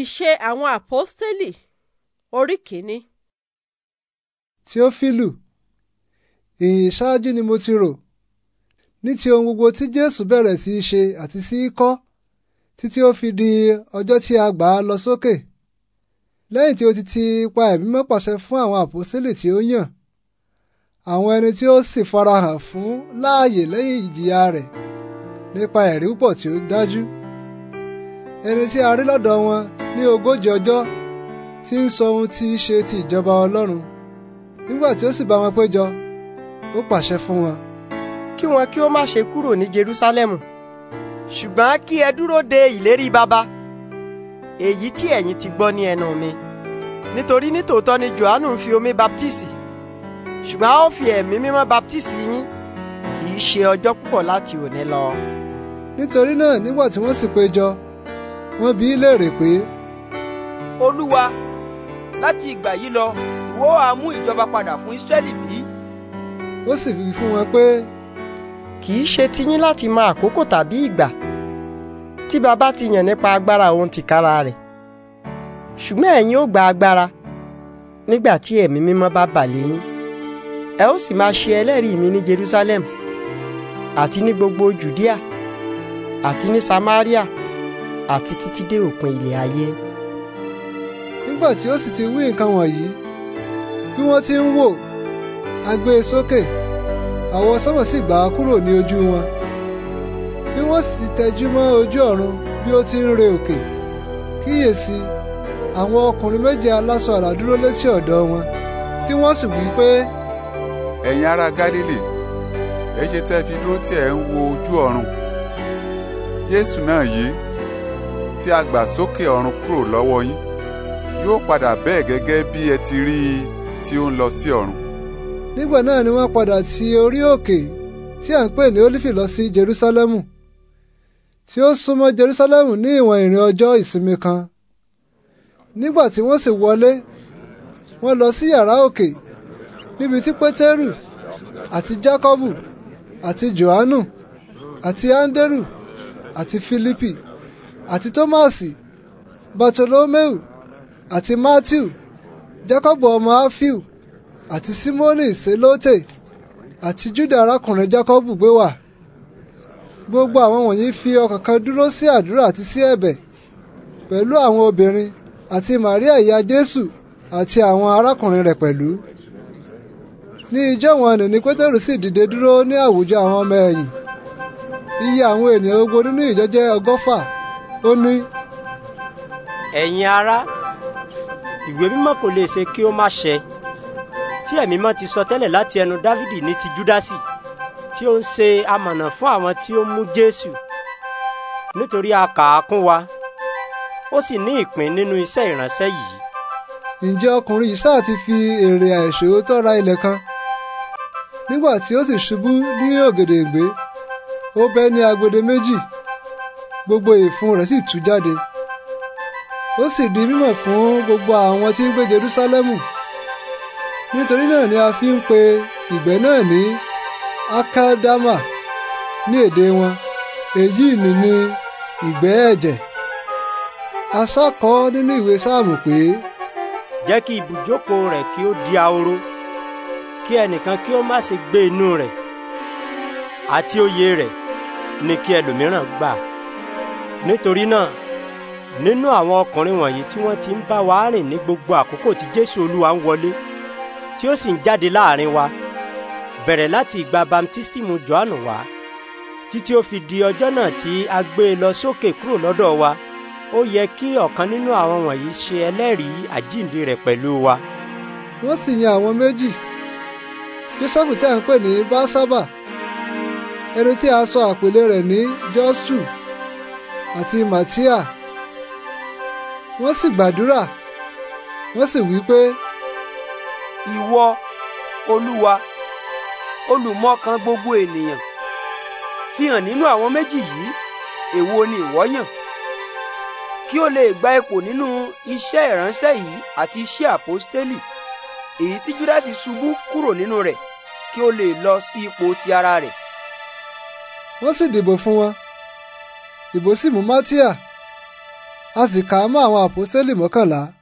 Ìṣe àwọn àpọ́stélì orí kìíní. Tíófílù, ìyìn ṣáájú ni mo ti rò, ní ti ohun gbogbo tí Jésù bẹ̀rẹ̀ sí í ṣe àti sí í kọ́, títí ó fi di ọjọ́ tí a gbà á lọ sókè. Lẹ́yìn tí ó ti ti ipa ẹ̀mí mọ́ pàṣẹ fún àwọn àpọ́stélì tí ó yàn, àwọn ẹni tí ó sì farahàn fún láàyè lẹ́yìn ìjìyà rẹ̀ nípa ẹ̀rí púpọ̀ tí ó dájú ẹni tí a rí lọ́dọ̀ wọn ní ogójì ọjọ́ tí ń sọ ohun tí í ṣe ti ìjọba Ọlọ́run nígbà tí ó sì bá wọn péjọ ó pàṣẹ fún wọn. kí wọn kí ó má ṣe kúrò ní Jerúsálẹ́mù ṣùgbọ́n kí ẹ dúró de ìlérí baba èyí tí ẹ̀yin ti gbọ́ ní ẹnu mi nítorí nítòótọ́ ni Jòhánù fi omi baptisi ṣùgbọ́n a ó fi ẹ̀mí mímọ́ baptisi yín kì í ṣe ọjọ́ púpọ̀ láti òní lọ. nítorí náà nígbà tí wọ́n sì péjọ wọ́n bi í léèrè pé. olúwa láti ìgbà yìí lọ ìwọ á mú ìjọba padà fún ísírẹ́lì bí? ó sì fi fún wọn pé. kì í ṣe tiyín láti mọ àkókò tàbí ìgbà tí baba ti yàn nípa agbára òun tìkára rẹ̀ ṣùgbọ́n ẹ̀yin ó gba agbára nígbà tí ẹ̀mí mímọ́ bá bà lé ẹ ó sì máa ṣe ẹlẹ́rìí mi ní Jerusalem àti ní gbogbo Jùdíà àti ní Samaria àti títí dé òpin ilẹ̀ ayé. nígbà tí ó sì ti wí nǹkan wọ̀nyí bí wọ́n ti ń wò a gbé e sókè àwọn sánmọ̀ sì gbà á kúrò ní ojú wọn bí wọ́n sì tẹjú mọ́ ojú ọ̀run bí ó ti ń re òkè kíyèsí àwọn ọkùnrin méje aláṣọ àlà dúró létí ọ̀dọ̀ wọn tí wọ́n sì wí pé. ẹ̀yin ará Gálílì èyí tẹ́ fi dúró tí ẹ̀ ń wo ojú ọ̀run Jésù náà yìí tí a gbà sókè ọ̀run kúrò lọ́wọ́ yín yóò padà bẹ́ẹ̀ gẹ́gẹ́ bí ẹ ti rí i tí ó ń lọ sí ọ̀run. nígbà náà ni wọ́n padà ti orí òkè tí à ń pè ní Ólífì lọ sí Jerúsálẹ́mù tí ó súnmọ́ Jerúsálẹ́mù ní ìwọ̀n ìrìn ọjọ́ ìsinmi kan nígbà tí wọ́n sì wọlé wọ́n lọ sí yàrá òkè níbi tí Pétérù àti Jákọ́bù àti Jòhánù àti Áńdérù àti Fílípì àti tómásì bartolomeu àti matthew jákọ́bù ọmọ áfíù àti simoni ìselóte àti júdà arákùnrin jákọ́bù gbé wà gbogbo àwọn wọ̀nyí fi ọkàn kan dúró sí àdúrà àti sí ẹ̀bẹ̀ pẹ̀lú àwọn obìnrin àti màríà ìyá jésù àti àwọn arákùnrin rẹ̀ pẹ̀lú ní ijọ́ wọn nì ní pétérù sì dìde dúró ní àwùjọ àwọn ọmọ ẹ̀yìn iye àwọn ènìyàn gbogbo nínú ìjọ jẹ́ ọgọ́fà ó ní. ẹ̀yin ará ìwé mímọ́ kò lè ṣe kí ó má ṣẹ tí ẹ̀mí mọ́ ti sọ tẹ́lẹ̀ láti ẹnu dávidi ní ti júdásì tí ó ń ṣe amọ̀nà fún àwọn tí ó mú jésù nítorí a kà á kún wa ó sì ní ìpín nínú iṣẹ́ ìránṣẹ́ yìí. ǹjẹ́ ọkùnrin yìí sáà ti fi èrè àìṣòótọ́ ra ilẹ̀ kan nígbà tí ó sì ṣubú ní ògèdèǹgbé ó bẹ́ ní agbede méjì gbogbo ìfun rẹ̀ sì tú jáde ó sì di mímọ̀ fún gbogbo àwọn tí ń gbé Jerúsálẹ́mù nítorí náà ni a fi ń pe ìgbẹ́ náà ní akadama ní èdè wọn èyí ni ní ìgbẹ́ ẹ̀jẹ̀ a nínú ìwé sáàmù pé. jẹ́ kí ibùjókòó rẹ̀ kí ó di ahoro kí ẹnìkan kí ó má se gbé inú rẹ̀ àti oyè rẹ̀ ni kí ẹlòmíràn gbà. nítorí náà nínú àwọn ọkùnrin wọ̀nyí tí wọ́n ti ń bá wa rìn ní gbogbo àkókò tí Jésù Olúwa ń wọlé tí ó sì ń jáde láàrin wa bẹ̀rẹ̀ láti ìgbà bamtistimu Jòhánù wá títí ó fi di ọjọ́ náà tí a gbé e lọ sókè kúrò lọ́dọ̀ wa ó yẹ kí ọ̀kan nínú àwọn wọ̀nyí ṣe ẹlẹ́rìí àjíǹde rẹ̀ pẹ̀lú wa. wọ́n sì yan àwọn méjì Jósẹ́fù tí a ń pè ní Básábà ẹni tí a sọ àpèlé rẹ̀ ní Jọ́sù àti Màtíà wọ́n sì gbàdúrà wọ́n sì wí pé. ìwọ Olúwa olùmọ̀kan gbogbo ènìyàn fihàn nínú àwọn méjì yìí èwo ni ìwọ yàn kí o lè gba ipò nínú iṣẹ́ ìránṣẹ́ yìí àti iṣẹ́ àpọ́stélì èyí tí Júdásì ṣubú kúrò nínú rẹ̀ kí o lè lọ sí ipò ti ara rẹ̀. wọ́n sì dìbò fún wọn ìbò sì mú Mátíà a sì kà á àwọn àpọ́sẹ́lì mọ́kànlá